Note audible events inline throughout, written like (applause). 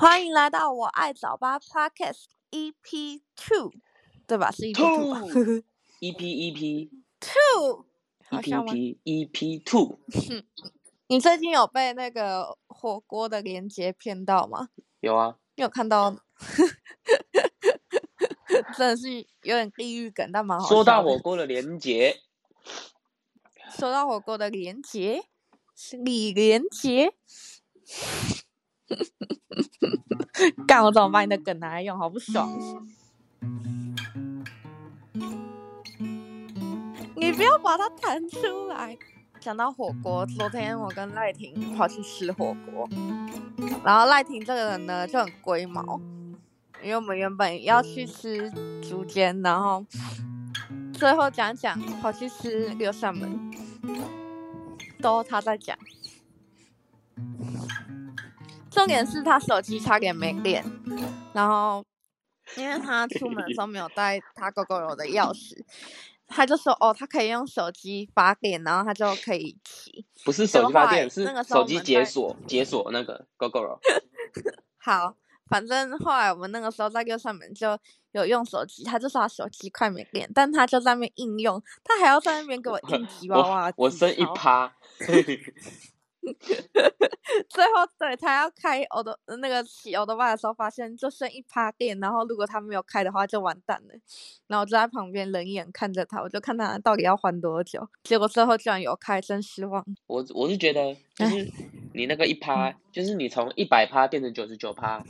歡迎來到我愛早八 podcast EP two，對吧？是 EP two，EP EP two，EP EP EP two。 (laughs) E -E e -E -E -E、你最近有被那個火鍋的連結騙到嗎？有啊，你有看到？ (laughs) 真的是有點地獄感，但蠻好說我。說到火鍋的連結，說到火鍋的連結是李連杰。幹 (laughs) 我怎麼把你的梗拿來用，好不爽！你不要把它彈出來。講到火鍋，昨天我跟賴婷跑去吃火鍋，然後賴婷這個人呢就很龜毛，因為我們原本要去吃築間，然後最後講講跑去吃六扇門，都他在講。重點是他手機差點沒電，然後因為他出門的時候沒有帶他 Gogoro 的鑰匙， (laughs) 他就說哦，他可以用手機發電，然後他就可以騎。不是手機發電，是手機解鎖解鎖那個 Gogoro 好，反正後來我們那個時候在 g 上面就有用手機，他就說他手機快沒電，但他就在那邊應用，他還要在那邊給我一哇哇，我我,我剩一趴。 (laughs) (laughs) (laughs) 最後，對他要開歐德那個洗歐德巴的時候，發現就剩一趴電，然後如果他沒有開的話，就完蛋了。然後我就在旁邊冷眼看着他，我就看他到底要還多久。結果最後居然有開，真失望。我我是覺得，就是你那個一趴，就是你從一百趴變成九十九趴，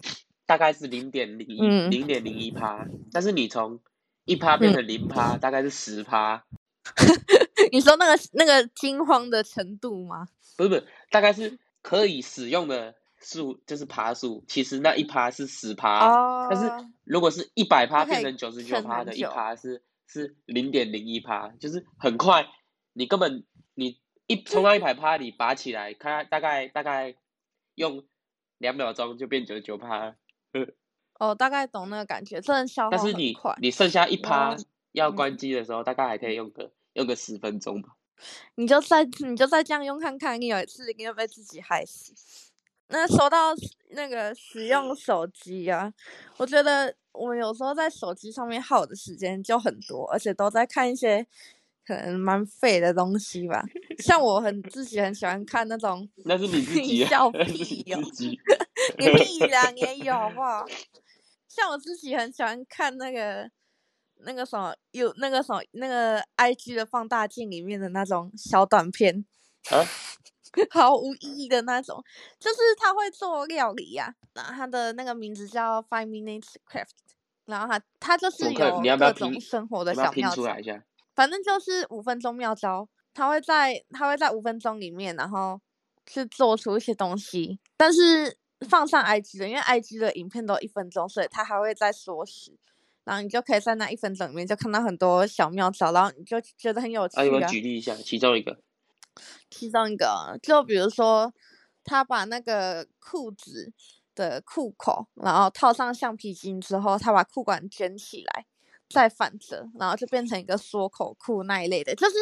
大概是零點零一零點零一趴，但是你從一趴變成零趴、嗯，大概是十趴。 (laughs) 你說那個那個驚慌的程度嗎？不是不是。大概是可以使用的數，就是爬數。其實那一趴是十趴，uh, 但是如果是一百趴變成九十九趴的一趴是是零點零一趴，就是很快。你根本你一衝到一百趴，你拔起來，看，嗯，大概大概用兩秒鐘就變九十九趴。哦， (laughs) oh, 大概懂那個感覺，消耗很快。但是你你剩下一趴要關機的時候，嗯，大概還可以用個用個十分鐘吧。你就再你就再這樣用看看，你有一次你又被自己害死。那說到那個使用手機啊，我覺得我有時候在手機上面耗的時間就很多，而且都在看一些可能蠻廢的東西吧。像我很自己很喜歡看那種， (laughs) 那是你自己、啊、笑屁、喔、你 (laughs) 你力也有好不好？像我自己很喜歡看那個。那個什麼有那個什麼那個 I G 的放大鏡裡面的那種小短片啊，毫 (laughs) 無意義的那種，就是他會做料理呀，啊。然後他的那個名字叫 Five Minutes Craft，然後他他就是有各種生活的小妙招，反正就是五分鐘妙招。他會在他會在五分鐘裡面，然後去做出一些東西，但是放上 I G 的，因為 I G 的影片都有一分鐘，所以他還會再縮時。然後你就可以在那一分鐘裡面就看到很多小妙招，然後你就覺得很有趣啊，啊，我舉例一下，其中一個，其中一個就比如說，他把那個褲子的褲口，然後套上橡皮筋之後，他把褲管捲起來。再反折，然後就變成一個縮口褲那一類的，就是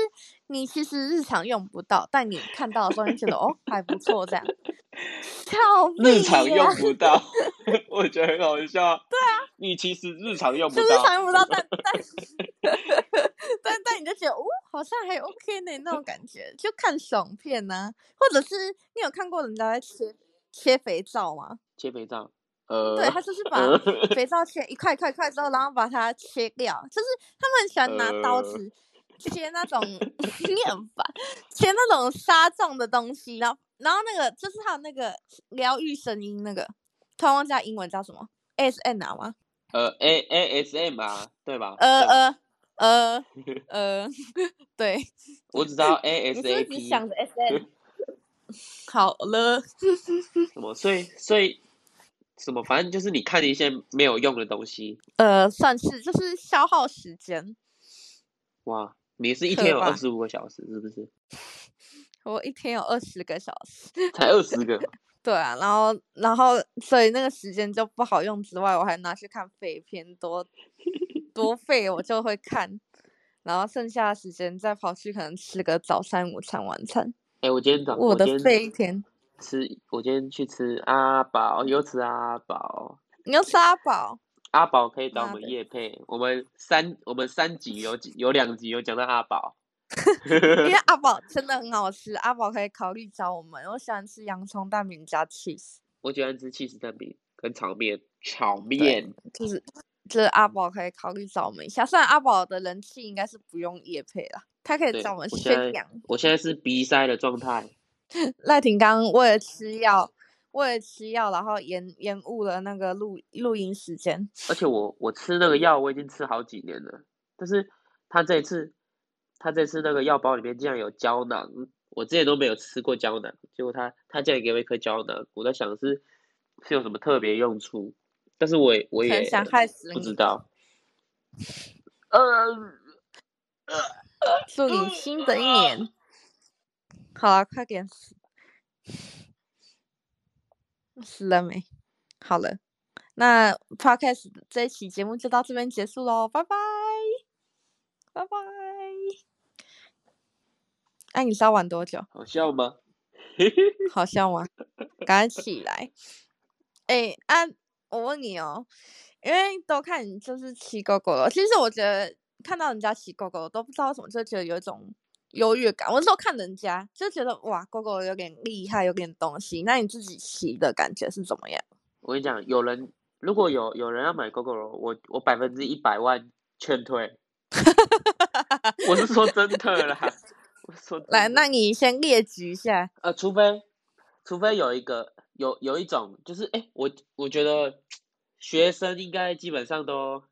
你其實日常用不到，但你看到的時候，你覺得 (laughs) 哦，還不錯這樣。靠，日常用不到， (laughs) (laughs) 我覺得很好笑。對啊，你其實日常用不到，日常用不到， (laughs) 但但但但你就覺得哦，好像還 OK 呢那種感覺。就看爽片呢、啊，或者是你有看過人家在切切肥皂嗎？切肥皂。呃、對他就是把肥皂切一塊塊塊之後，然後把它切掉。就是他們很喜歡拿刀子去、呃、切那種麵粉，切那種沙狀的東西。然後，然後那個就是還有那個療癒聲音那個，突然忘記英文叫什麼，S N 啊嗎？呃，A A S M 吧，啊，對吧？呃呃呃呃，呃呃 (laughs) (laughs) 對。我只知道 A S A P。你是是想着 S N。好了。怎 (laughs) 麼？睡？睡。什麼？反正就是你看一些沒有用的東西。呃，算是，就是消耗時間。哇，你是一天有二十五個小時是，是不是？我一天有二十個小時，才二十個。 (laughs) 對啊，然後然後，所以那個時間就不好用之外，我還拿去看廢片，多多廢，我就會看。 (laughs) 然後剩下的時間再跑去可能吃個早餐、午餐、晚餐。哎、欸，我今天早我的廢一天。吃，我今天去吃阿寶，又吃阿寶。你要吃阿寶？阿寶可以找我們業配，啊，我們三我們三集有幾，有兩集有講到阿寶， (laughs) 因為阿寶真的很好吃。阿寶可以考慮找我們。我喜歡吃洋蔥蛋餅加 cheese。我喜歡吃 cheese 蛋餅跟炒麵，炒麵就是就是阿寶可以考慮找我們一下。雖然阿寶的人氣應該是不用業配啦，他可以找我們分享。我現在是鼻塞的狀態。賴廷剛為了吃藥，為了吃藥，然後延延誤了那個錄錄音時間。而且我我吃那個藥，我已經吃好幾年了。但是他這次，他這次那個藥包裡面竟然有膠囊，我之前都沒有吃過膠囊。結果他他竟然給我一顆膠囊，我在想是是有什麼特別用處？但是我我也很想害死你，不知道。呃，祝 (laughs) (laughs) 你新的一年。 (laughs) 好啊，快點死，死了沒？好了，那 podcast 這一期節目就到這邊結束嘍，拜拜，拜拜。哎、啊、你是要玩多久？好笑嗎？好笑嗎？趕緊起來！哎、 (laughs) 欸、啊，我問你哦，因為都看你就是騎狗狗了，其實我覺得看到人家騎狗狗都不知道為什麼，就覺得有一種。優越感，我那時候看人家就覺得哇，GoGo 有點厲害，有點東西。那你自己騎的感覺是怎麼樣？我跟你講，有人如果有有人要買 GoGo，我我百分之一百萬勸退。 (laughs) 我是說真的啦，我說 (laughs) 來，那你先列舉一下。呃，除非除非有一個有有一種，就是哎、欸，我我覺得學生應該基本上都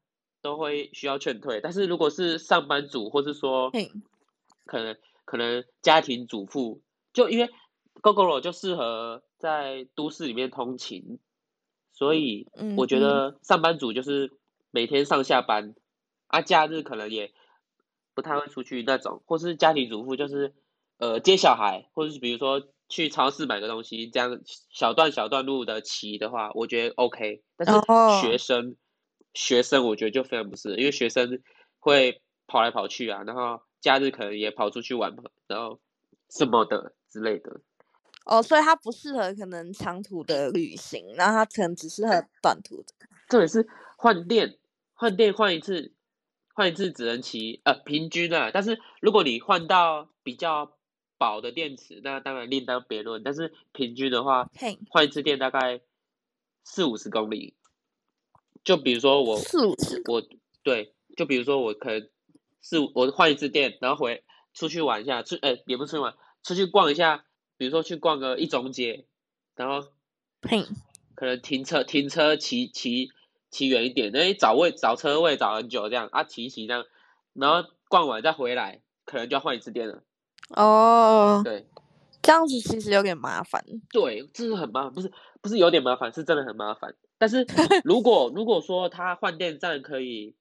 都會需要勸退，但是如果是上班族，或是說，嘿可能可能家庭主婦就因為，Gogoro 就適合在都市裡面通勤，所以我覺得上班族就是每天上下班，啊，假日可能也不太會出去那種，或是家庭主婦就是呃接小孩，或者是比如說去超市買個東西，這樣小段小段路的騎的話，我覺得 OK。但是學生、oh. 學生我覺得就非常不適合，因為學生會跑來跑去啊，然後。假日可能也跑出去玩，然後什麼的之類的。哦，所以它不適合可能長途的旅行，那它可能只適合短途的。這也是換電，換電換一次，換一次只能騎呃平均啊。但是如果你換到比較薄的電池，那當然另當別論。但是平均的話，換一次電大概四五十公里。就比如說我四五十，我對，就比如說我可能。是我換一次電然後回出去玩一下，去誒、欸、也不出去玩，出去逛一下，比如說去逛個一中街，然後，嗯、可能停車停車騎騎騎遠一點，那找位找車位找很久這樣啊騎騎這樣，然後逛完再回來，可能就要換一次電了。哦，對，這樣子其實有點麻煩。對，這是很麻煩，不是不是有點麻煩，是真的很麻煩。但是如果 (laughs) 如果說他換電站可以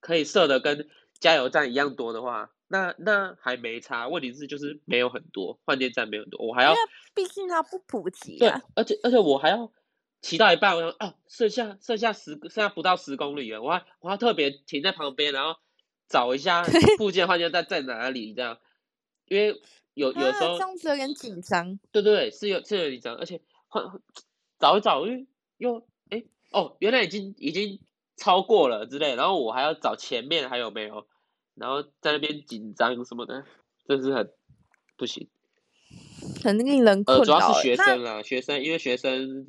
可以設的跟。加油站一樣多的話，那那還沒差。問題是就是沒有很多換電站沒有很多，我還要，因為畢竟它不普及、啊。對，而且而且我還要騎到一半，我想啊，剩下剩下十剩下不到十公里了，我還我還特別停在旁邊，然後找一下附近的換電站在哪裡 (laughs) 這樣，因為有有，有時候、啊、這樣子有點緊張。對對對，是有是有點緊張，而且換、啊、找一找，因為又哎、欸、哦，原來已經已經。超過了之類，然後我還要找前面還有沒有，然後在那邊緊張什麼的，真是很不行。肯定人困、呃。主要是學生啊，學生，因為學生。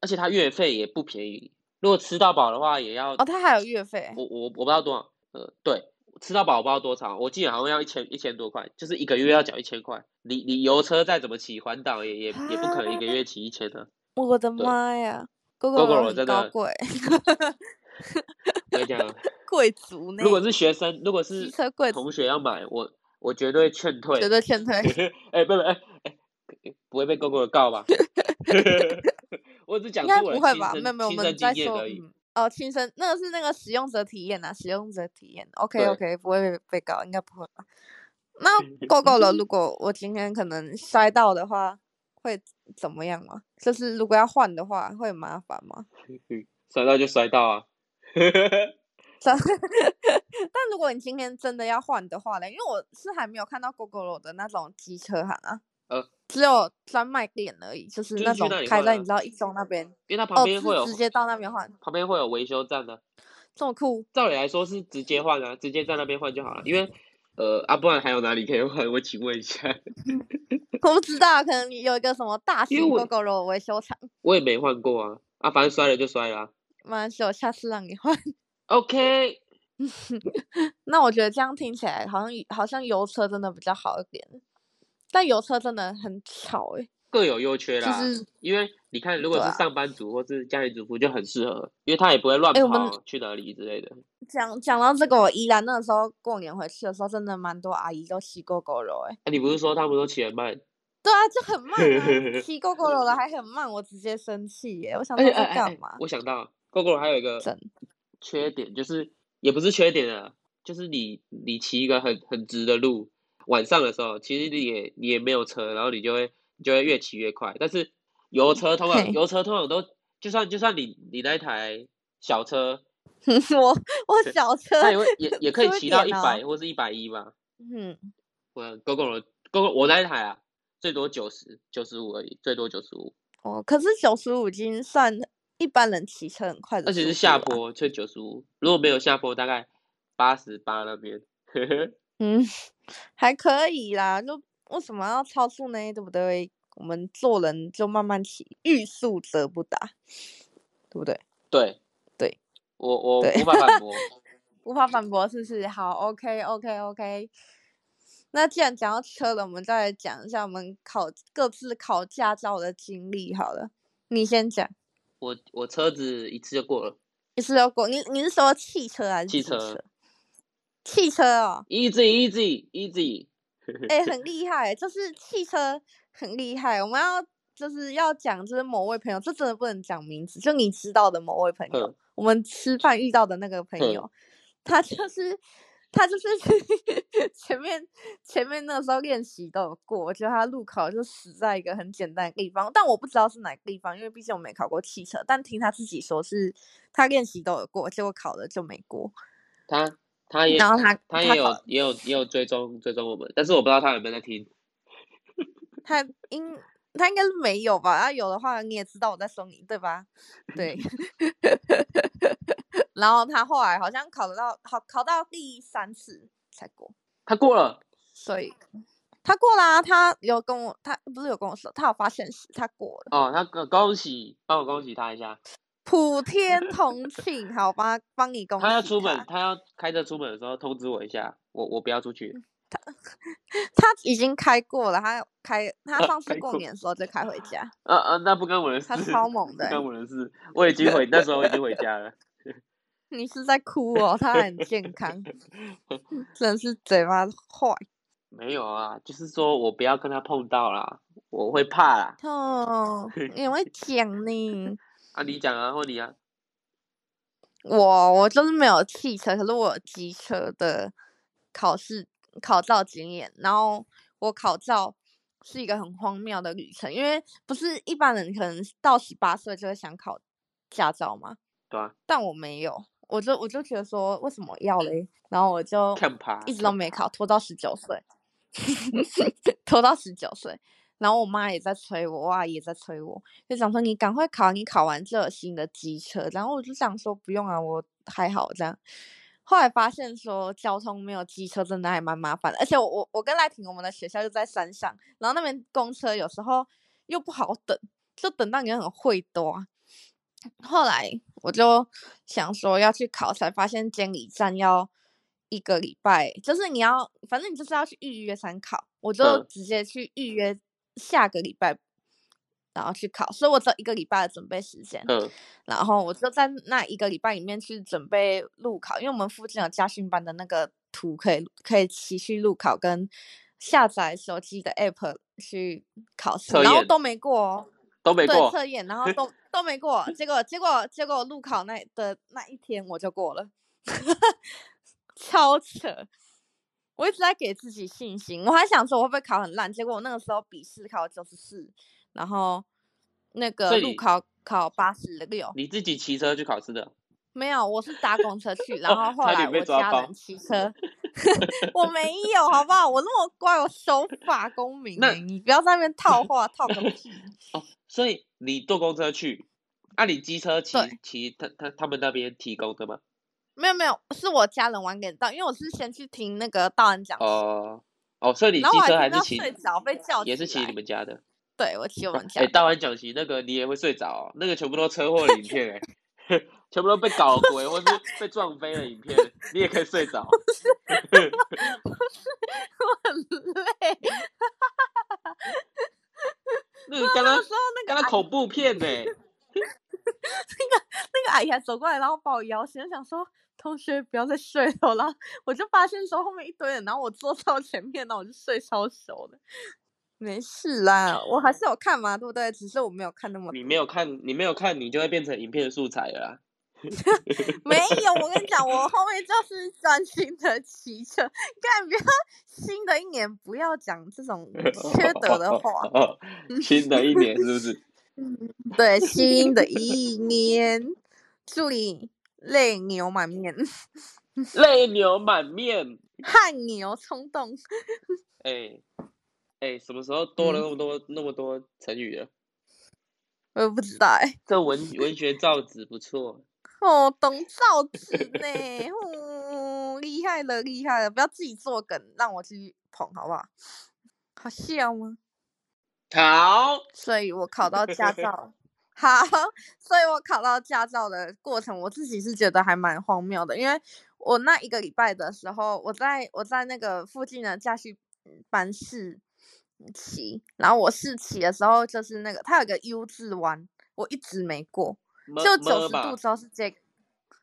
而且他月費也不便宜，如果吃到飽的話也要。哦，他還有月費。我我我不知道多少，呃，對，吃到飽我不知道多少，我記得好像要一千一千多塊，就是一個月要繳一千塊。你你油車再怎麼騎環島也也、啊、也不可能一個月騎一千的。我的媽呀！Gogoro 真的，貴 (laughs) 我跟你講，貴 (laughs) 族。如果是學生，如果是同學要買，我我絕對勸退，絕對勸退。哎、 (laughs) 欸，不不，哎、欸、哎、欸，不會被 Gogoro 告吧？ (laughs) 我只講，我應該不會吧？沒有沒有，我們再說。嗯、哦，親身那個是那個使用者體驗啊，使用者體驗。OK OK，不會被被告，應該不會吧？那 Gogoro (laughs) 如果我今天可能摔到的話，會怎麼樣嗎？就是如果要換的話，會很麻煩嗎？摔、嗯、到就摔到啊！ (laughs) (laughs) 但如果你今天真的要換的話呢？因為我是還沒有看到 Gogoro 的那種機車行啊，呃，只有專賣店而已，就是那種開在你知道一中那邊、就是啊，因為它旁邊會有、哦、直接到那邊換，旁邊會有維修站的，這麼酷。照理來說是直接換啊，直接在那邊換就好了，因為。呃，啊，不然還有哪裡可以換？我請問一下，我不知道，可能有一個什麼大型 Gogoro 維修廠。我也沒換過啊，啊，反正摔了就摔了啊。沒關係，我下次讓你換。OK， (laughs) 那我覺得這樣聽起來好像好像油車真的比較好一點，但油車真的很吵欸。各有優缺啦、就是，因為你看，如果是上班族或是家庭主婦就很適合、啊，因為他也不會亂跑去哪裡之類的。講、欸、講到這個，宜蘭那個時候過年回去的時候，真的蠻多阿姨都騎 Gogoro 誒、欸啊。你不是說他們都騎很慢？對啊，就很慢啊，騎 (laughs) Gogoro 的還很慢，我直接生氣耶、欸欸欸欸欸！我想說他幹嘛？我想到 Gogoro 還有一個缺點，就是也不是缺點啊，就是你你騎一個很很直的路，晚上的時候，其實你也你也沒有車，然後你就會。就會越騎越快，但是油車通常，油車通常都，就算就算你你那台小車， (laughs) 我我小車，它也會也也可以騎到一百或是一百一吧。嗯，我 Gogoro 我那台啊，最多九十九十五而已，最多九十五。哦，可是九十五已經算一般人騎車很快的。而且是下坡才九十五，如果沒有下坡大概八十八那邊。 (laughs) 嗯，還可以啦，都。為什麼要超速呢？對不對？我們做人就慢慢騎，欲速則不達，對不對？對對，我我無法反駁， (laughs) 無法反駁，是不是？好，OK OK OK。那既然講到車了，我們再來講一下我們考各自考駕照的經歷。好了，你先講。我我車子一次就過了，一次就過。你你是說汽車還是汽車啊？汽車，汽車哦，Easy Easy Easy。哎、 (laughs) 欸，很厲害，就是汽車很厲害。我們要就是要講就是某位朋友，這真的不能講名字，就你知道的某位朋友，嗯、我們吃飯遇到的那個朋友，嗯、他就是他就是 (laughs) 前面前面那個時候練習都有過，我覺得他路考就死在一個很簡單的地方，但我不知道是哪個地方，因為畢竟我沒考過汽車，但聽他自己說是他練習都有過，結果考了就沒過。他、啊。他也然後他他也有他也有也有，也有追蹤追蹤我們，但是我不知道他有沒有在聽。他應他應該是沒有吧？他有的話，你也知道我在說你對吧？對。 (laughs) (laughs) 然後他後來好像考得到好，考到第三次才過。他過了。所以他過啦，啊，他有跟我他不是有跟我說，他有發現他過了。哦，他恭喜，幫我恭喜他一下。普天同慶，好吧，幫你工作。他要出門，他要開車出門的時候通知我一下，我我不要出去。他他已經開過了，他開他上次過年的時候就開回家。嗯、啊、嗯、啊啊，那不跟我認識他超猛的、欸，不跟我的事。我已經回 (laughs) 那時候我已經回家了。你是在哭哦？他很健康，真 (laughs) 是嘴巴壞。沒有啊，就是說我不要跟他碰到啦，我會怕啦。哦，你會講呢？ (laughs) 你講啊，或你啊，你啊，我我就是沒有汽車，可是我有機車的考試考照經驗，然後我考照是一個很荒謬的旅程，因為不是一般人可能到十八歲就會想考駕照嘛，對啊，但我沒有，我就我就覺得說為什麼要嘞，然後我就一直都沒考，拖到十九歲， (laughs) 拖到十九歲。然後我媽也在催我，我阿姨也在催我，就想說你趕快考，你考完就有新的機車。然後我就想說不用啊，我還好這樣。後來發現說交通沒有機車真的還蠻麻煩。而且我我，我跟賴婷，我們的學校就在山上，然後那邊公車有時候又不好等，就等到你很會多、啊。後來我就想說要去考，才發現監理站要一個禮拜，就是你要，反正你就是要去預約參考，我就直接去預約、嗯。下個禮拜，然後去考，所以我只有一個禮拜的準備時間，嗯，然後我就在那一個禮拜裡面去準備路考，因為我們附近有駕訓班的那個圖可，可以可以持續路考跟下載手機的 app 去考試，然後都沒過哦，都沒過，對，測驗，然後都 (laughs) 都沒過，結果結果結果路考那的那一天我就過了， (laughs) 超扯。我一直在給自己信心，我還想說我會不會考很爛？結果我那個時候筆試考九十四，然後那個路考考八十六。你自己騎車去考試的？沒有，我是搭公車去， (laughs) 然後後來我家人騎車。 (laughs) 我沒有，好不好？我那麼乖，我守法公民、欸。你不要在那邊套話 (laughs) 套個屁！哦，所以你坐公車去，那、啊、你機車騎騎他他他，他們那邊提供的嗎？沒有沒有，是我家人晚點到，因為我是先去聽那個道安講習。哦哦，所以你騎車還是騎？也是騎你，你們家的。對，我騎我們家。大、欸、道安講習那個，你也會睡着、哦。那個全部都是車禍的影片、欸，哎， (laughs) 全部都被搞鬼，啊、或者是被撞飛的影片， (laughs) 你也可以睡着。不是， (laughs) 不是，我很累。哈 (laughs) 那個剛剛說那個，剛剛恐怖片哎、欸 (laughs) 那個，那個那個阿姨還走過來，然後把我搖醒，想說。同學不要再睡了啦，我就發現說後面一堆人，然後我坐到前面，那我就睡超熟的。沒事啦，我還是有看嘛，對不對？只是我沒有看那麼。你沒有看，你沒有看，你就會變成影片素材了。 (laughs) (laughs) 沒有，我跟你講，我後面就是專心的騎車。幹，不要，新的一年不要講這種缺德的話。哦哦哦哦，新的一年是不是？ (laughs) 對，新的一年祝你。 (laughs) 淚牛滿面， (laughs) 淚牛滿滿面， (laughs) 汗牛衝衝動。哎、 (laughs) 欸，哎、欸，什麼時候多了那麼多、嗯、那麼多成語了？我也不知道。這文文學造詞不錯。 (laughs) 哦，懂造紙呢，哦、 (laughs) 嗯，厲害了，厲害了！不要自己做梗，讓我去捧好不好？好笑嗎？好。所以我考到駕照。 (laughs) 好，所以我考到駕照的過程，我自己是覺得還蠻荒謬的，因為我那一個禮拜的時候，我在我在那個附近的駕訓班試騎，然後我試騎的時候，就是那個它有個 U 字彎，我一直沒過，就九十度都是這個、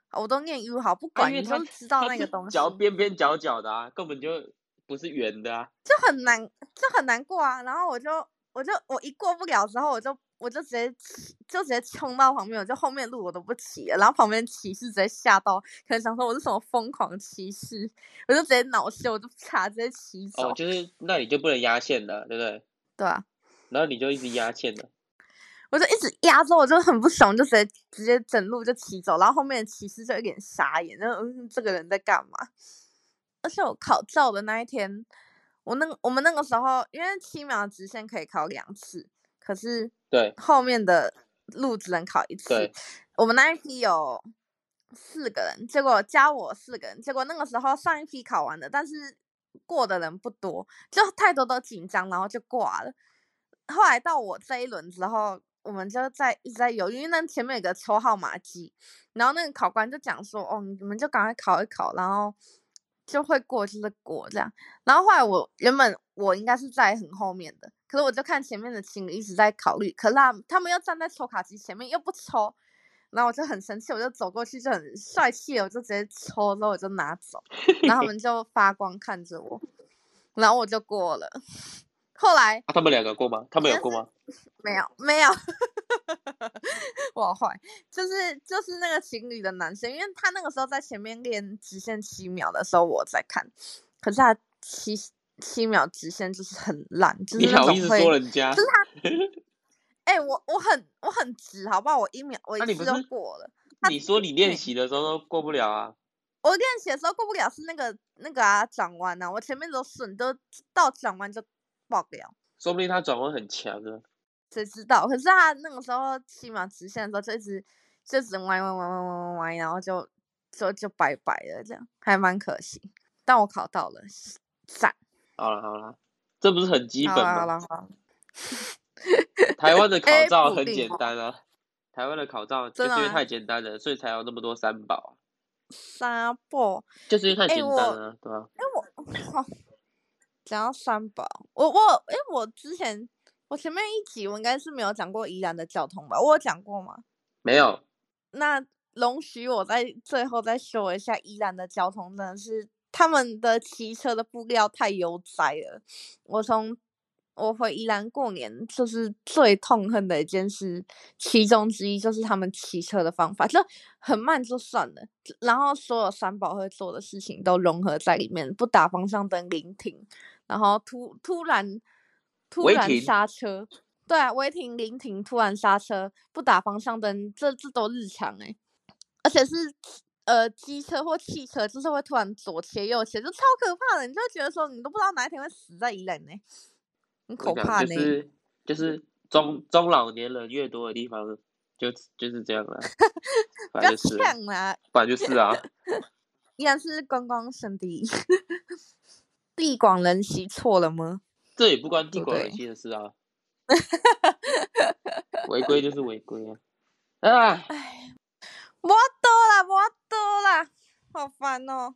啊，我都念 U 好，不管，啊、因為他你都知道那個東西，角邊邊角角的啊，根本就不是圓的啊，就很難，就很難過啊，然後我就我就我一過不了之後，我就。我就直接就直接衝到旁邊，我就後面路我都不騎了，然後旁邊騎士直接嚇到，可能想說我是什麼瘋狂騎士，我就直接惱羞，我就直接騎走。哦，就是那你就不能壓線的，對不對？對啊。然後你就一直壓線的。我就一直壓着，我就很不爽，就直接直接整路就騎走，然後後面騎士就有點傻眼，然後嗯，這個人在幹嘛？而且我考照的那一天，我那個、我們那個時候因為七秒的直線可以考兩次，可是。對，後面的路只能考一次。對，我們那一批有四個人，結果加我四個人，結果那個時候上一批考完的，但是過的人不多，就太多都緊張，然後就掛了。後來到我這一輪之後，我們就在一直在猶豫，因為那前面有個抽號碼機，然後那個考官就講說：“哦，你們就趕快考一考。”然後。就會過，就是過這樣。然後後來我原本我應該是在很後面的，可是我就看前面的情侶一直在考慮，可那他們又站在抽卡機前面又不抽，然後我就很生氣，我就走過去就很帥氣，我就直接抽，然後我就拿走，然後他們就發光看着我，然後我就過了。後來、啊，他們兩個過嗎？他們有過嗎？沒有，沒有。 (laughs) 我好壞，就是就是那個情侶的男生，因為他那個時候在前面練直線七秒的時候，我在看。可是他七七秒直線就是很爛，就是只會。你好意思說人家。就是他。哎、 (laughs) 欸，我我很我很直，好不好？我一秒，我一次就過了。那你,你說你練習的時候都過不了啊？我練習的時候過不了，是那個那個啊，轉彎啊。我前面都順，都到轉彎就。爆掉，說不定他轉彎很強呢？誰知道？可是他那個時候起碼直線的時候就一直就只能歪歪歪歪歪歪歪，然後就就就拜拜了這樣，還蠻可惜。但我考到了，讚。好了好了，這不是很基本嗎？好了 (laughs) 台灣的考照很簡單啊， (laughs) 欸、台灣的考照，就是因為太簡單了的，所以才有那麼多三寶。三寶就是因為太簡單啊，對、欸、啊。哎我講到三寶，我我，哎、欸，我之前我前面一集我應該是沒有講過宜蘭的交通吧？我有講過嗎？沒有。那容許我在最後再說一下宜蘭的交通，真的是他們的騎車的步調太悠哉了。我從我回宜蘭過年，就是最痛恨的一件事，其中之一就是他們騎車的方法，就很慢就算了就，然後所有三寶會做的事情都融合在裡面，不打方向燈，聆聽然後突突然突然剎車，對啊，違停、臨停，突然剎車，不打方向燈，這這都日常哎、欸。而且是呃機車或汽車，就是會突然左切右切，就超可怕的，你就覺得說你都不知道哪一天會死在宜蘭呢，很可怕呢、欸。就是就是中中老年人越多的地方，就就是這樣了，反 (laughs) 正就是啊，是啊 (laughs) 依然是觀光聖地。地廣人稀錯了嗎？這也不關地廣人稀的事啊！違規就是違規啊！啊！哎，我倒啦我倒啦，好煩哦、喔！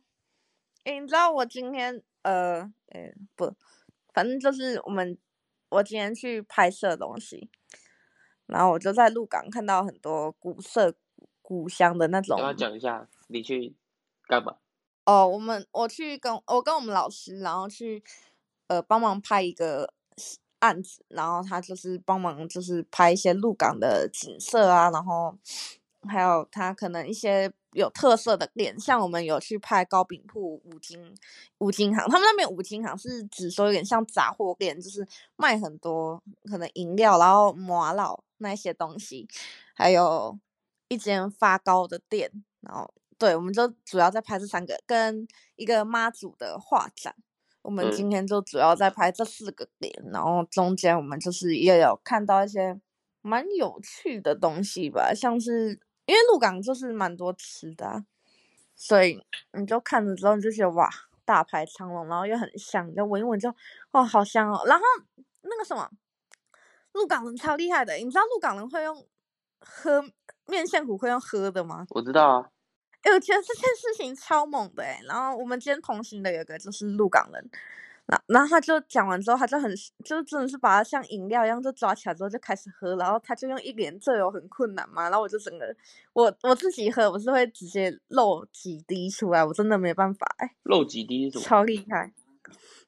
誒、欸，你知道我今天呃，誒、欸，不，反正就是我們，我今天去拍攝東西，然後我就在鹿港看到很多古色古，古香的那種。我跟他講一下，你去幹嘛？哦，我們我去跟我跟我們老師，然後去呃幫忙拍一個案子，然後他就是幫忙就是拍一些鹿港的景色啊，然後還有他可能一些有特色的店，像我們有去拍糕餅鋪、五金五金行，他們那邊五金行是指說有點像雜貨店，就是賣很多可能飲料，然後瑪瑙那些東西，還有一間發糕的店，然後。對，我們就主要在拍這三個跟一個媽祖的畫展。我們今天就主要在拍這四個點，然後中間我們就是也有看到一些蠻有趣的東西吧，像是因為鹿港就是蠻多吃的啊，所以你就看着之後你就覺得哇，大排長龍，然後又很香，就聞一聞就哇，好香哦。然後那個什麼，鹿港人超厲害的，你知道鹿港人會用喝麵線糊會用喝的嗎？我知道啊。哎、欸，我覺得這件事情超猛的，欸、然後我們今天同行的有一個就是鹿港人，然後，然後他就講完之後，他就很就真的是把它像飲料一樣就抓起來之後就開始喝，然後他就用一連這有很困難嘛。然後我就整個我我自己喝，我是會直接漏幾滴出來，我真的沒辦法哎、欸。漏幾滴是什麼？超厲害，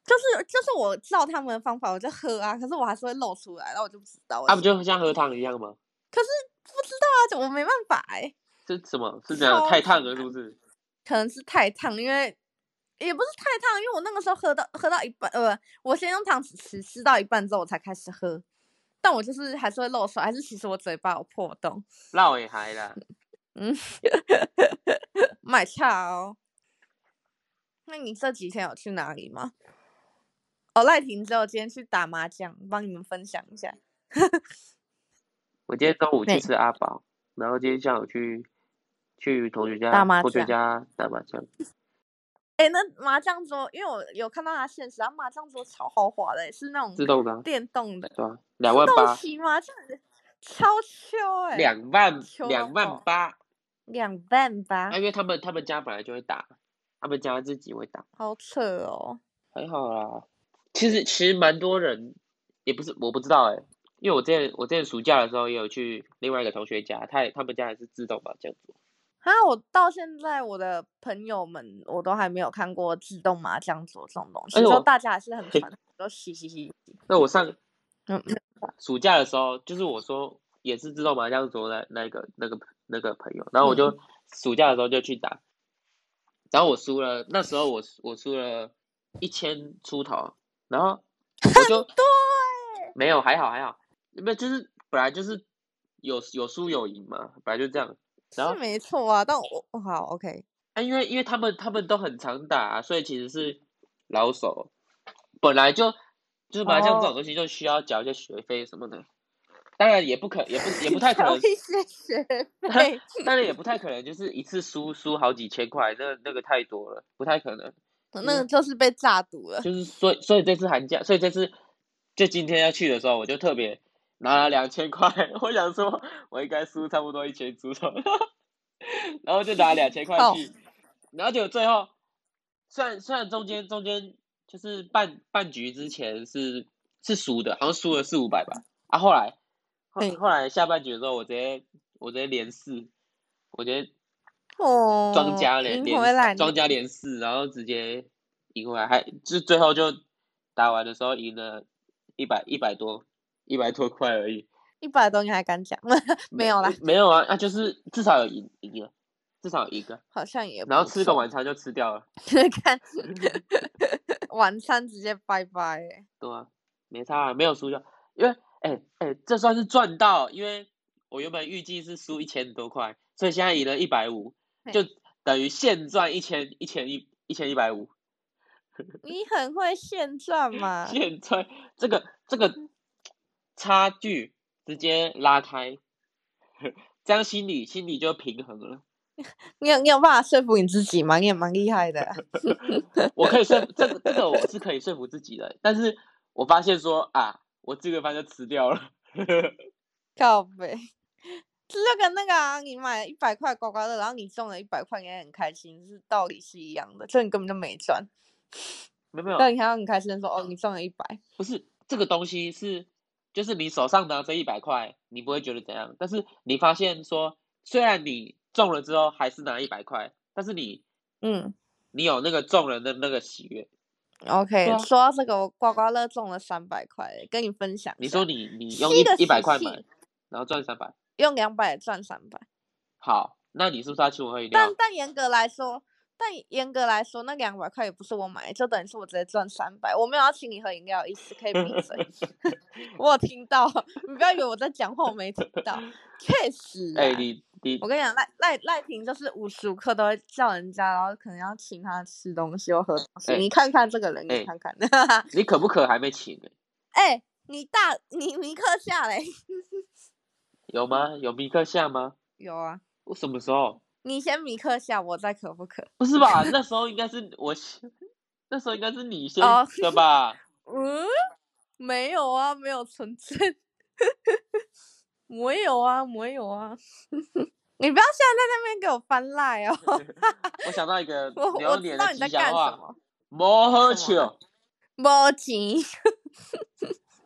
就是就是我知道他們的方法，我就喝啊，可是我還是會漏出來，然後我就不知道、欸。他，啊、不就很像喝湯一樣嗎？可是不知道啊，怎麼沒辦法哎、欸。是什麼？是這樣太燙了，是不是？可能是太燙，因為也不是太燙，因為我那個時候喝到喝到一半，呃，不，我先用湯匙吃，吃到一半之後我才開始喝，但我就是還是會漏水，還是其實我嘴巴有破洞。漏也嗨了，嗯，買 (laughs) 超、哦。那你這幾天有去哪裡嗎？哦，賴婷只有今天去打麻將，幫你們分享一下。 (laughs) 我今天中午去吃阿寶，然後今天下午去。去同學家，同學家打麻將。哎、欸，那麻將桌，因為我有看到他現實，啊麻將桌超豪華的、欸，是那種動自動的、啊、電動的，兩、啊、萬八，麻將，超超哎、欸，兩萬兩萬八，兩、哦、萬八、啊。因為他們他們家本來就會打，他們家自己會打，好扯哦。還好啦，其實其實蠻多人，也不是我不知道哎、欸，因為我之前我之前暑假的時候也有去另外一個同學家，他也他們家也是自動麻將桌。啊！我到現在我的朋友們，我都還沒有看過自動麻將桌這種東西，所以說大家還是很喜都嘻嘻嘻。那我上嗯、 (laughs) 暑假的時候，就是我說也是自動麻將桌的、那個、那個那個那個朋友，然後我就、嗯、暑假的時候就去打，然後我輸了，那時候我我輸了一千出頭，然後我就 (laughs) 對，沒有，還好還好，沒有就是本來就是有有輸有贏嘛，本來就這樣。然後是沒錯啊，但我好 OK。啊，因為因為他們他們都很常打、啊，所以其實是老手。本來就就是麻將這種東西，就需要交一些學費什麼的。Oh. 當然也不可，也不也不,也不太可能。交 (laughs) 一些學費、啊、當然也不太可能，就是一次輸輸好幾千塊，那那個太多了，不太可能。Oh, 嗯、那個就是被詐賭了。就是所以所以這次寒假，所以這次就今天要去的時候，我就特別。拿了兩千塊，我想說，我應該輸差不多一千出頭，然後就拿兩千塊去，oh. 然後就最後，算算中間中間就是半半局之前是是輸的，好像輸了四五百吧，啊後來，嗯、後後來下半局的時候我，我直接我直接連四，我直接，哦，莊家連、oh, 連莊家連四，然後直接贏回來，還就最後就打完的時候贏了一百一百多。一百多塊而已，一百多，你還敢講？ (laughs) 沒有， (laughs) 沒有啦，沒有啊，那、啊、就是至少有贏贏了，至少有一個，好像也不，然後吃個晚餐就吃掉了，看 (laughs) (laughs) 晚餐直接拜拜、欸。對啊，沒差、啊、沒有輸掉，因為哎哎、欸欸，這算是賺到，因為我原本預計是輸一千多塊，所以現在贏了一百五，就等於現賺一千一千一一千一百五。 (laughs) 你很會現賺嘛？ (laughs) 現賺這個這個。這個差距直接拉開，這樣心裡心裡就平衡了。你有你有辦法說服你自己嗎？你也蠻厲害的、啊。 (laughs) 我可以說，這這個我是可以說服自己的。但是我發現說啊，我這個班就辭掉了。靠 (laughs) 北，這就、個、跟那個啊，你買一百塊刮刮樂，然後你中了一百塊，也很開心，是道理是一樣的。這你根本就沒賺，沒有，沒有。但你還要很開心的說哦，你中了一百。不是這個東西是。就是你手上拿這一百塊，你不會覺得怎樣。但是你發現說，雖然你中了之後還是拿一百塊，但是你，嗯，你有那個中了的那個喜悅。OK，、嗯、說這個，我刮刮樂中了三百塊，跟你分享。你說你你用一百塊，買，然後賺三百，用兩百賺三百。好，那你是不是要請我喝一點？但但嚴格來說。但嚴格來說，那兩百塊也不是我買，就等於是我直接賺三百。我沒有要請你喝飲料的意思，可以閉嘴。 (laughs) (laughs) 我有聽到，你不要以為我在講話我沒聽到。確實，哎、欸，你你，我跟你講，賴賴賴平就是無時無刻都會叫人家，然後可能要請他吃東西或喝東西。欸、你看看這個人，欸、你看看。 (laughs) 你渴不渴？還沒請。哎、欸，你大你尼克下嘞？有嗎？有尼克下嗎？有啊。我什麼時候？你先米克下，我再可不可？不是吧？那時候應該是我先， (laughs) 那時候應該是你先的吧？Oh. (laughs) 嗯？沒有啊，沒有存在， (laughs) 沒有啊，沒有啊。 (laughs) 你不要現在在那邊給我翻賴哦。 (laughs) (laughs) 我想到一個，我想到你在幹什麼？摸球，摸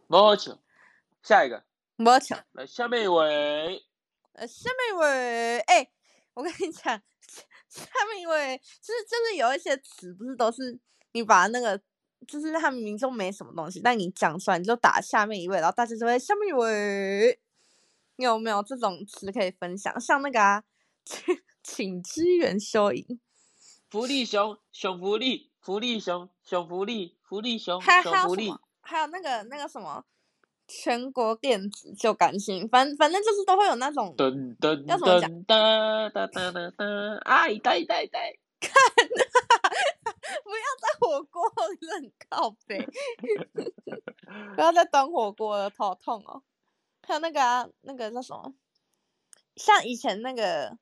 莫摸球。 (laughs) 下一個，莫球。來，下面一位，呃，下面一位，哎、欸。我跟你講，下面一位就是真的，就是、有一些詞，不是都是你把那個，就是他們名中沒什麼東西，但你講出來你就打下面一位，然後大家就會下面一位，有沒有這種詞可以分享？像那個、啊請，請支援收銀，福利熊熊福利，福利熊熊福利，福利熊熊福利，還有，還有，還有那個那個什麼？全國電子就感性，反反正就是都會有那種噔噔噔噔噔噔要怎麼講？一代一代一代看、啊，不要再火鍋很靠北，呵呵 (laughs) 不要再端火鍋了，頭痛哦！還有那個啊，那個叫什麼？像以前那個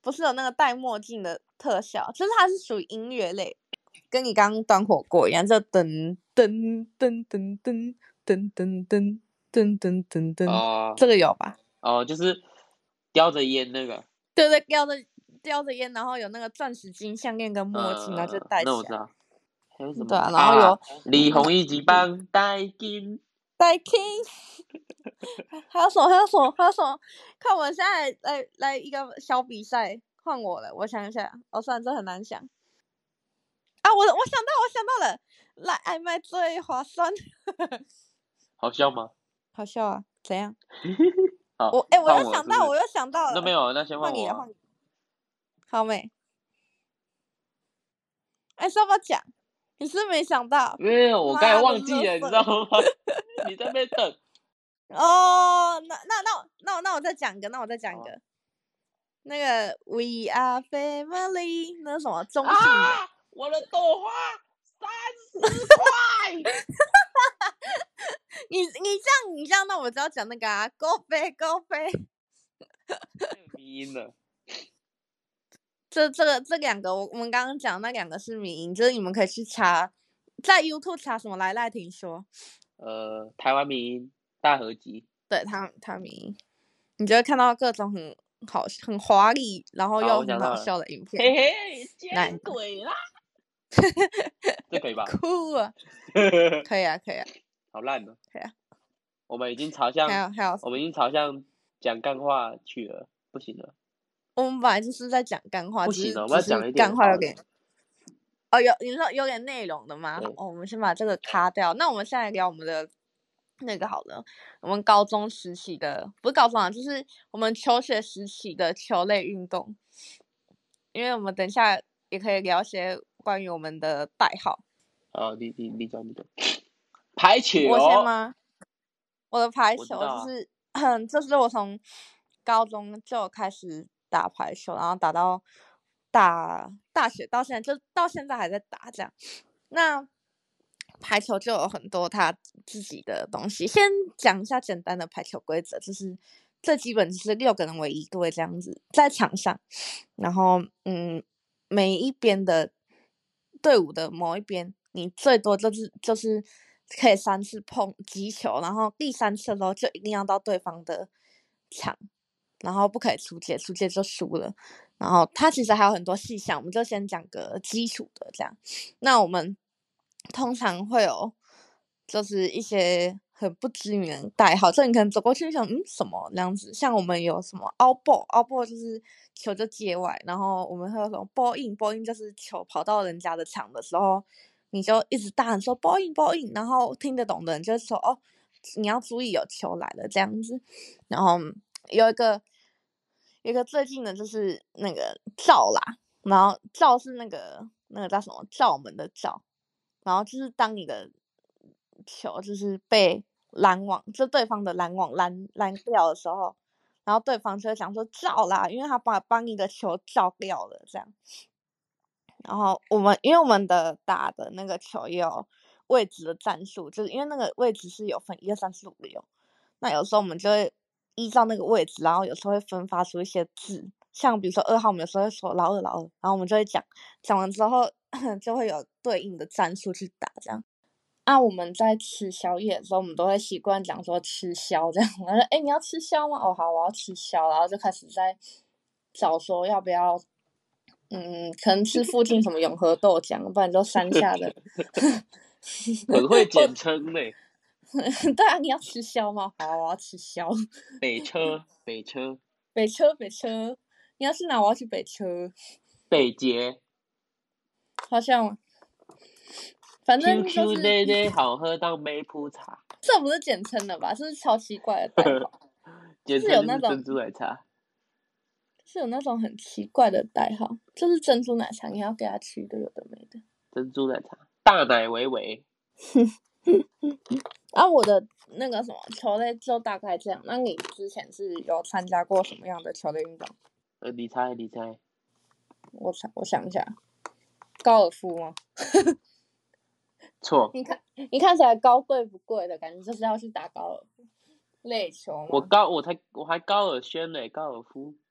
不是有那個戴墨鏡的特效，就是它是屬於音樂類，跟你剛剛端火鍋一樣，就噔噔噔噔噔噔噔噔,噔,噔,噔,噔,噔,噔,噔,噔。噔，噔噔噔噔，oh, 這個有吧？哦、oh,，就是叼着煙那個，對對，叼着叼着煙，然後有那個鑽石金項鏈跟墨鏡，那、uh, 就戴起來那我知道。還有什麼？對啊，然後有、啊、李弘一級棒，戴、嗯、金，戴金。還有什麼？還有什麼？還有什麼？ (laughs) (laughs) 看，我現在來來，來一個小比賽，換我了。我想一下，我、哦、算了，這很難想。啊，我我想到，我想到了，到了來曖昧最划算。 (laughs) 好笑嗎？好笑啊，怎樣？ (laughs) 好我哎、欸，我又想到，我，是是我又想到了。那沒有，那先換你換你。好美。哎、欸，說巴講，你是，是沒想到？沒有，我剛才忘記了， (laughs) 你知道嗎？你在那邊等。 (laughs) 哦，那那那那我那，我那，我那，我那我再講個，那我再講個、哦。那個 We are family，那是什麼？中心、啊。我的豆花三十塊。 (laughs) 你你像你這樣，那我就要講那個啊，高飛高飛，哈哈哈民音的，這這個這兩個，我我們剛剛講的那兩個是民音，就是你們可以去查，在 YouTube 查什麼來來聽說，呃，台灣民音大合集，對，他他民，你就會看到各種很好很華麗，然後又很好笑的影片，嘿嘿，見鬼啦， (laughs) 這可以吧？酷 (laughs) 啊 Cool， (laughs) 可以啊，可以啊。好爛嗎、對啊。我們已經朝向，還有，還有我們已經朝向講幹話去了，不行了。我們本來就是在講幹話，不行了，我要講一點，幹話有點。哦，有，你說有點內容的嗎？我們先把這個卡掉。那我們現在聊我們的那個好了，我們高中時期的，不是高中啊，就是我們求學時期的球類運動。因為我們等一下也可以聊些關於我們的代號。哦，你你你講你的。 (laughs) 排球，我先嗎？我的排球就是，啊、就是我從高中就開始打排球，然後打到大大學到現在，就到現在還在打這樣。那排球就有很多他自己的東西。先講一下簡單的排球規則，就是最基本就是六個人為一隊這樣子在場上，然後嗯，每一邊的隊伍的某一邊，你最多就是就是。可以三次碰擊球，然後第三次的時候，就一定要到對方的場，然後不可以出界，出界就輸了。然後他其實還有很多細項，我們就先講個基礎的這樣。那我們通常會有，就是一些很不知名的代號，就你可能走過去想，嗯，什麼那樣子？像我們有什麼 out ball out ball，就是球就界外，然後我們會有什麼 ball in ball in，就是球跑到人家的場的時候。你就一直大喊說報應報應，然後聽得懂的人就說哦，你要注意有球來了這樣子。然後有一個有一個最近的就是那個罩啦，然後罩是那個那個叫什麼罩門的罩。然後就是當你的球就是被攔網，就對方的攔網攔攔掉的時候，然後對方就會講說罩啦，因為他把幫你的球罩掉了這樣。然後我們，因為我們的打的那個球也有位置的戰術，就是因為那個位置是有分一二三四五六，那有時候我們就會依照那個位置，然後有時候會分發出一些字，像比如說二號，我們有時候會說老二老二，然後我們就會講講完之後呵呵就會有對應的戰術去打這樣。啊，我們在吃宵夜的時候，我們都會習慣講說吃宵這樣，我說，哎，欸，你要吃宵嗎？哦好，我要吃宵，然後就開始在找說要不要。嗯，可能附近什麼永和豆漿， (laughs) 不然就山下的。 (laughs) 很會簡稱呢、欸。 (laughs) 對啊，你要吃宵嗎？好，我要吃宵。北車，北車，北車，北車。你要去哪？我要去北車。北捷好像。反正就是。好喝到沒鋪茶。這不是簡稱的吧？這是超奇怪的代表。的 (laughs) 珍珠奶茶。是有那種很奇怪的代號，就是珍珠奶茶，你要給他吃一個有的沒的。珍珠奶茶，大奶維維。 (laughs) 啊，我的那個什麼球類就大概這樣。那你之前是有參加過什麼樣的球類運動？呃、嗯，你猜，你猜，我猜，我想一下，高爾夫嗎？錯 (laughs) 你看，你看起來高貴不貴的感覺，就是要去打高爾夫，壘球。我高，我才，我還高爾軒呢，高爾夫。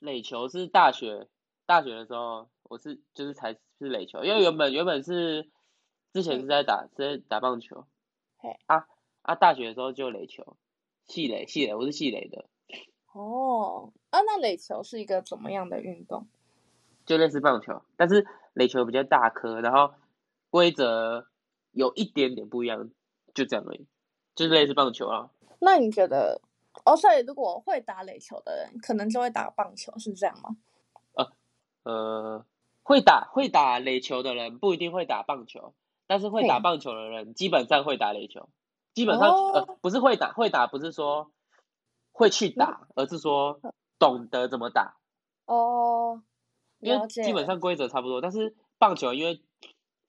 壘球是大學大學的時候，我是就是才是壘球，因為原本原本是之前是在打、嗯、在打棒球，嘿啊啊大學的時候就壘球，系壘系壘，我是系壘的。哦啊，那壘球是一個怎麼樣的運動？就類似棒球，但是壘球比較大顆，然後規則有一點點不一樣，就這樣而已，就是類似棒球啊。那你覺得？哦、oh，所以如果會打壘球的人，可能就會打棒球，是這樣嗎？呃，呃，會打會打壘球的人不一定會打棒球，但是會打棒球的人基本上會打壘球，hey. 基本上、oh. 呃不是會打會打不是說會去打，oh. 而是說懂得怎麼打哦、oh. 因為基本上規則差不多，但是棒球因為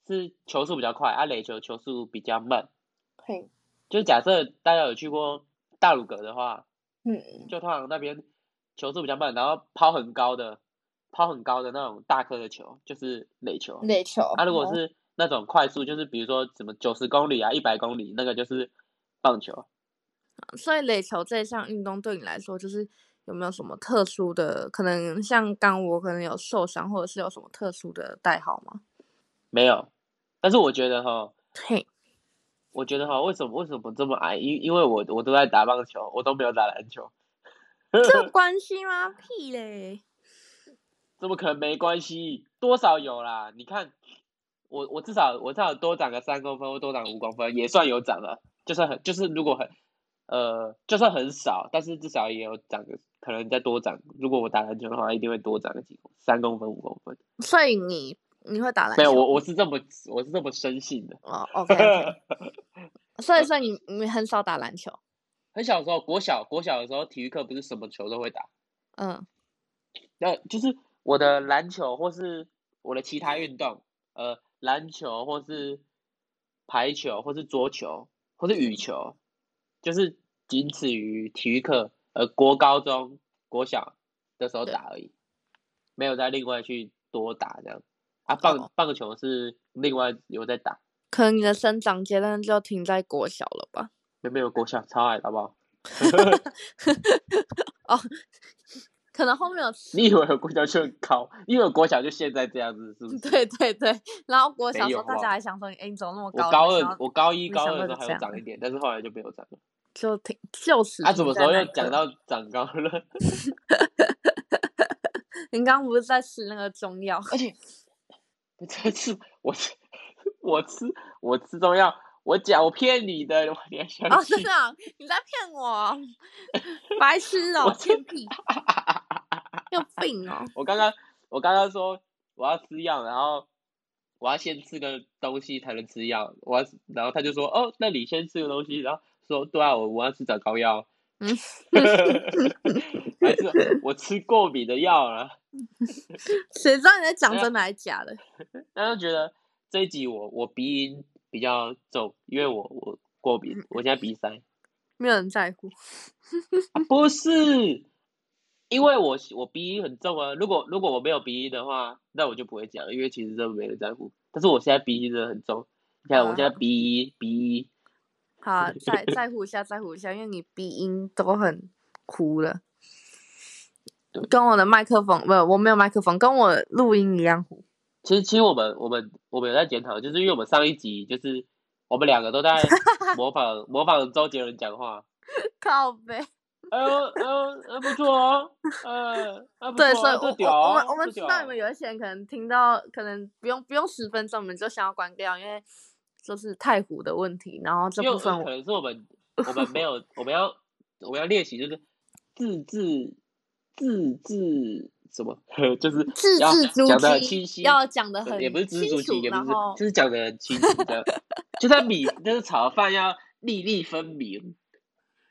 是球速比較快，啊壘球球速比較慢，對、hey.，就假設大家有去過。大魯閣的話，嗯，就通常那邊球速比較慢，然後拋很高的，拋很高的那種大顆的球，就是壘球。壘球。那、啊、如果是那種快速，嗯、就是比如說什麼九十公里啊、一百公里，那個就是棒球。所以壘球這項運動對你來說，就是有沒有什麼特殊的？可能像剛剛我可能有受傷，或者是有什麼特殊的代號嗎？沒有，但是我覺得吼。嘿。我覺得哈，為什麼為什麼這麼矮？因因為我我都在打棒球，我都沒有打籃球。 (laughs) 這關係嗎？屁嘞！怎麼可能沒關係？多少有啦？你看，我我至少我至少多長個三公分或多長五公分也算有長了，就算很就是如果很呃就算很少，但是至少也有長的，可能再多長。如果我打籃球的話，一定會多長個幾公三公分五公分。所以你。你會打籃球嗎？沒有，我我是這麼我是這麼深信的啊、oh, OK，, okay. (laughs) 算一算，你你很少打籃球。很小的時候，國小國小的時候，體育課不是什麼球都會打。嗯。那就是我的籃球，或是我的其他運動、嗯，呃，籃球或是排球，或是桌球，或是羽球，就是僅此於體育課，呃，國高中、國小的時候打而已，沒有再另外去多打這樣。啊棒，棒、哦、棒球是另外有在打。可能你的生長階段就停在國小了吧？沒有沒有，國小超矮，好不好？ (laughs) (laughs) 哦，可能後面有。你以為國小就很高？你以為國小就現在這樣子？是不是？對對對。然後國小的時候大家還想說：“哎、欸，你怎麼那麼高？”我高二，我高一、高二的時候還會長一點，但是後來就沒有長了。就停，就是。啊，什麼時候又講到長高了？ (laughs) (laughs) 你剛剛不是在吃那個中藥？ (laughs) 我吃，我吃，我吃，我吃中藥。我講，我騙你的，我連想。哦，真的，你在騙我， (laughs) 白痴哦，偏你有病哦。我剛剛、 (laughs) 啊，我剛剛說我要吃藥，然後我要先吃個東西才能吃藥。我要，然後他就說，哦，那你先吃個東西，然後說，對啊，我我要吃長高藥。嗯， (laughs) 還是我吃過敏的藥了。誰 (laughs) 知道你在講真的還是假的？但 (laughs) 是覺得這一集我我鼻音比較重，因為我我過敏，我現在鼻塞。 (laughs) 沒有人在乎 (laughs) 啊。不是，因為我我鼻音很重啊。如果如果我沒有鼻音的話，那我就不會講，因為其實真的沒人在乎。但是我現在鼻音真的很重，你看我現在鼻 (laughs) 鼻音。好，在在乎一下，在乎一下，因為你鼻音都很糊了，跟我的麥克風不，我沒有麥克風，跟我錄音一樣其實，其實我們，我們，我們有在檢討，就是因為我們上一集就是我們兩個都在模仿 (laughs) 模仿周杰倫講話，靠北，哎呦哎呦，還、哎、不錯哦，嗯、哎，啊不錯哦、 (laughs) 對，所以，哦、我我們、哦、我們知道你們有一些人可能聽到，可能不用不用十分鐘，我們就想要關掉，因為。就是太湖的問題，然後這部分可能是我們我們沒有 (laughs) 我們要我們要練習、就是，就是字字字字什麼，就是字字珠璣，要講的很，也不是字字珠璣，也不是，就是講的很清晰的， (laughs) 就算米就是炒飯要粒粒分明，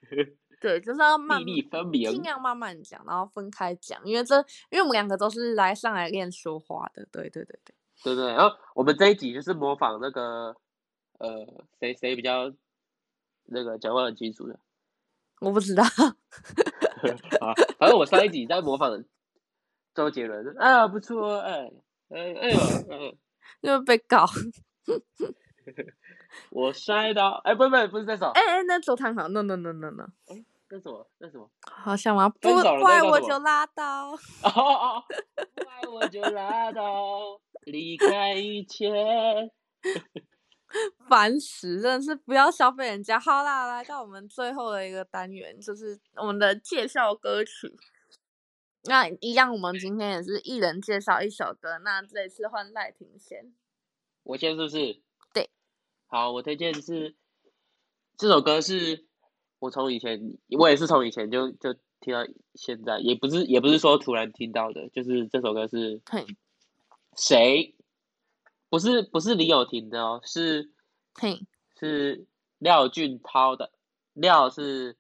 (laughs) 對，就是要粒粒分明，盡量慢慢講，然後分開講，因為這因為我們兩個都是來上來練說話的，對對對對，對，對對，然後我們這一集就是模仿那個。呃，誰誰比較那個講話很清楚的？我不知道。 (laughs) (laughs) 啊，反正我上一集在模仿周杰倫。啊，不錯，啊啊啊啊、 (laughs) 哎，嗯嗯嗯，又被搞。 (laughs) (laughs) 我摔倒，哎，不不不，不，不是在走，哎哎，那走堂好，no no no no no。哎，那什麼？那什麼？好像嗎？不怪我就拉倒。哦，哦，不怪我就拉倒，離 (laughs) 開一切。 (laughs) (laughs) 凡事，真的是不要消費人家。好啦，啦，來到我們最後的一個單元，就是我們的介紹歌曲。那一樣，我們今天也是一人介紹一首歌。那這一次換賴庭先，我先是不是？對，好，我推薦是這首歌是，我從以前，我也是從以前就就聽到，現在也不是，也不是說突然聽到的，就是這首歌是，哼，誰？誰不是不是李友廷的哦，是，嘿是廖俊濤的廖，是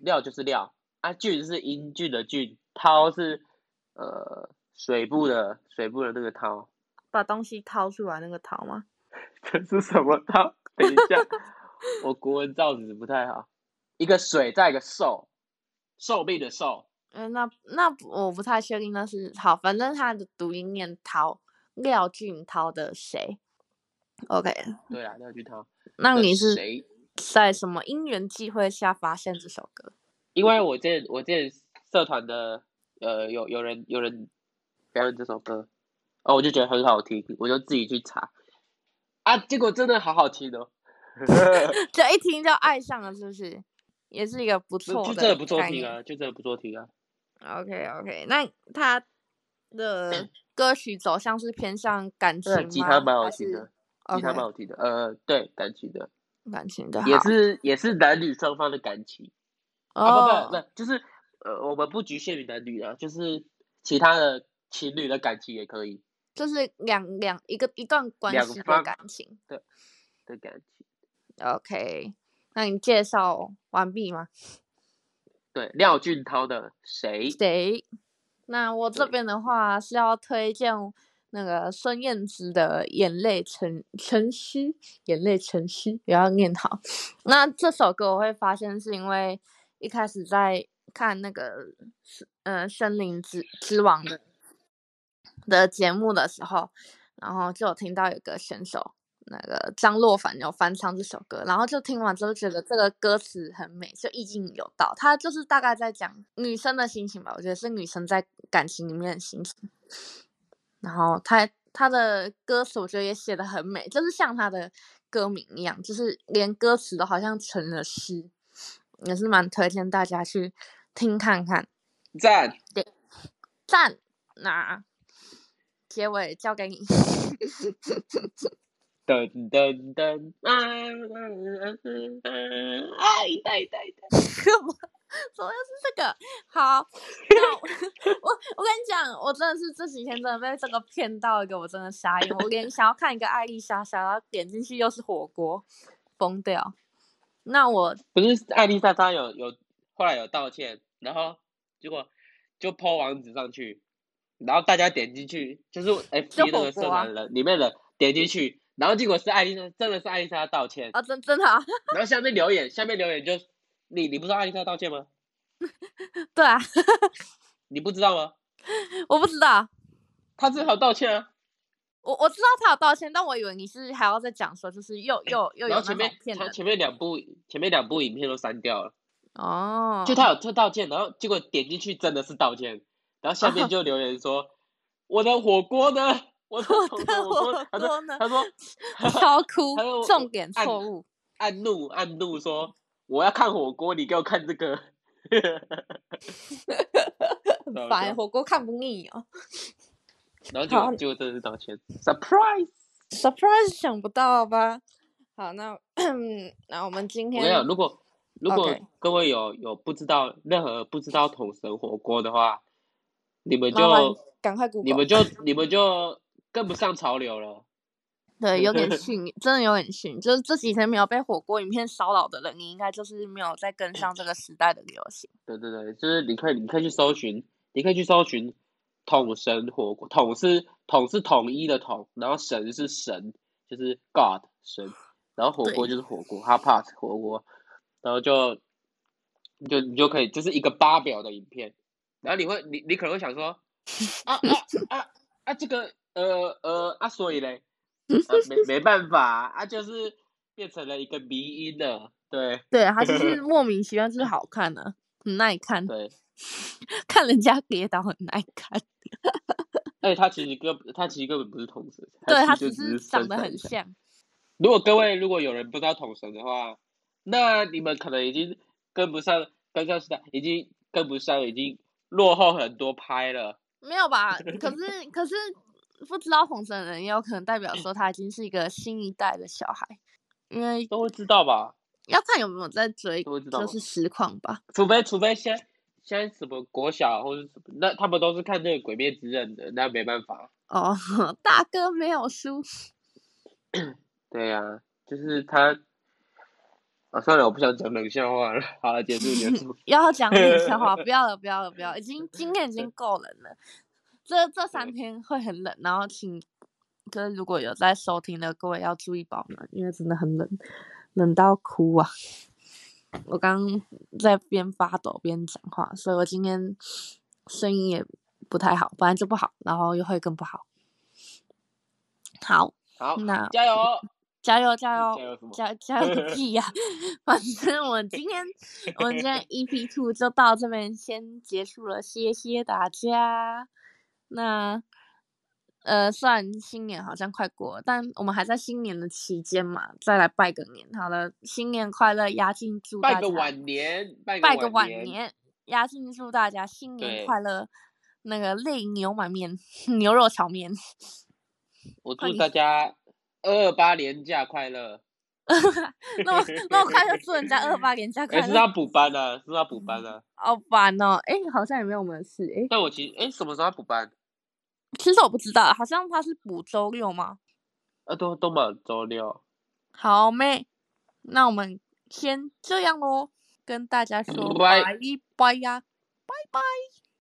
廖，就是廖啊。俊是英俊的俊，濤是呃水部的水部的那個濤，把東西掏出來那個濤嗎？ (laughs) 這是什麼濤？等一下， (laughs) 我國文造字不太好。一個水再一個壽，壽命的壽。嗯、呃，那那我不太確定那是好，反正它的讀音念濤。廖俊濤的誰？OK。對啊，廖俊濤。那你是誰？在什麼因緣際會下發現這首歌？因為我在我在社團的呃有有人有人表演這首歌，哦，我就覺得很好聽，我就自己去查啊，結果真的好好聽的、哦， (laughs) (laughs) 就一聽就愛上了，是不是？也是一個不錯的。就這不錯聽啊，就這不錯聽啊。OK OK，那他。的歌曲走向是偏向感情嗎？對，吉他蠻好聽的，吉他蠻好聽的。Okay. 呃，對，感情的，感情的，也是也是男女雙方的感情。哦、oh. 啊。不不不，就是呃，我們不局限於男女的、啊，就是其他的情侶的感情也可以。就是兩兩一個一段關係的感情。對。對，感情。OK，那你介紹完畢嗎？對，廖俊濤的誰？誰？那我這邊的話是要推薦那個孫燕姿的眼成成《眼淚成成詩》，《眼淚成詩》也要念好。 (laughs) 那這首歌我會發現是因為一開始在看那個《嗯、呃、聲林之之王的》的的節目的時候，然後就有聽到有個選手。那個張若凡有翻唱這首歌，然後就聽完之後覺得這個歌詞很美，就意境有到。他就是大概在講女生的心情吧，我覺得是女生在感情裡面的心情。然後他他的歌詞我覺得也寫得很美，就是像他的歌名一樣，就是連歌詞都好像成了詩，也是蠻推薦大家去聽看看。讚，讚，那結尾交給你。 (laughs) 噔噔噔啊！一代一代一代，什麼？什麼是這個？好，那我我跟你講，我真的是這幾天真的被這個騙到一個，我真的傻眼。我連想要看一個艾麗莎，傻傻、就是， (laughs) 然後點進去又是火鍋，崩掉。那我不是艾麗莎，她有有後來有道歉，然後結果就拋網址上去，然後大家點進去就是哎，就火鍋啊！裡面的人點進去。 (laughs) 嗯然後結果是愛麗絲，真的是愛麗絲，她道歉啊、哦，真真好 (laughs) 然後下面留言，下面留言就，你你不知道愛麗絲道歉嗎？ (laughs) 對啊， (laughs) 你不知道嗎？我不知道。他最好道歉啊。我我知道他有道歉，但我以為你是還要再講說，就是又又又有。然後前面前面兩部前面兩部影片都刪掉了。哦。就他有道歉，然後結果點進去真的是道歉，然後下面就留言說， (laughs) 我的火鍋呢？我說的火鍋呢他？他說，超酷！重點錯誤，按怒，按怒說，我要看火鍋，你給我看這個，煩 (laughs) 麼說， (laughs) 火鍋看不膩啊、喔。然後就就這是道歉，surprise，surprise，Surprise 想不到吧？好，那那 (coughs) 我們今天，沒有。如果如果各位有有不知道任何不知道統神火鍋的話，你們就趕快、Google，你們就你們就。 (laughs) 跟不上潮流了，對，有點遜，真的有點遜。就是這幾天沒有被火鍋影片騷擾的人，你應該就是沒有再跟上這個時代的流行。對對對，就是你可以，你可以去搜尋，你可以去搜尋“統神火鍋”。統是統是統一的統，然後神是神，就是 God 神，然後火鍋就是火鍋，Hot Pot 火鍋，然後就就你就可以就是一個八秒的影片，然後你會，你你可能會想說，啊啊啊啊，啊，這個。呃呃啊，所以嘞、呃，沒沒辦法啊，啊就是變成了一個迷因了，對，對，他就是莫名其妙就是好看呢，很耐看，對， (laughs) 看人家跌倒很耐看，哈哈哈哈，他其實根，他其實根本不是統神，他生生對，他只是長得很像。如果各位如果有人不知道統神的話，那你們可能已經跟不上，跟上時代，已經跟不上，已經落後很多拍了。沒有吧？可是可是。不知道統神的人也有可能代表說，他已經是一個新一代的小孩，因為都會知道吧？要看有沒有在追，就是實況吧，吧。除非除非先先什麼國小或者什麼，那他們都是看那個《鬼滅之刃》的，那沒辦法。哦，大哥沒有輸 (coughs) 對呀，啊，就是他。啊，算了，我不想講冷笑話了。好了，結束，結束。 (laughs) 要講冷笑話？不要了，不要了，不要了！已經今天已經夠冷了。這這三天會很冷，然後請可是如果有在收聽的各位要注意保暖，因為真的很冷，冷到哭啊！我剛在邊發抖邊講話，所以我今天聲音也不太好，不然就不好，然後又會更不好。好，好，那加油，加油，加油，加加油個屁呀、啊！ (laughs) 反正我今天 (laughs) 我今天 EP Two 就到這邊先結束了，謝謝大家。那，呃，雖然新年好像快過，但我們還在新年的期間嘛，再來拜個年。好了，新年快樂！壓靜祝大家拜個晚年，拜個晚年！壓靜祝大家新年快樂，那個淚牛滿面，牛肉炒麵。我祝大家二八年假快樂。 (laughs) (laughs) 那我麼 (laughs) 那我快樂祝人家二八年假快樂，欸，是要補班啊，是要補班呢？好班哦！哎，欸，好像也沒有我們的事哎。但，欸、我其實哎，欸，什麼時候要補班？其實我不知道，好像他是補週六嗎？啊，都都嘛週六。好妹，那我們先這樣咯，跟大家說拜拜呀，拜拜。拜拜。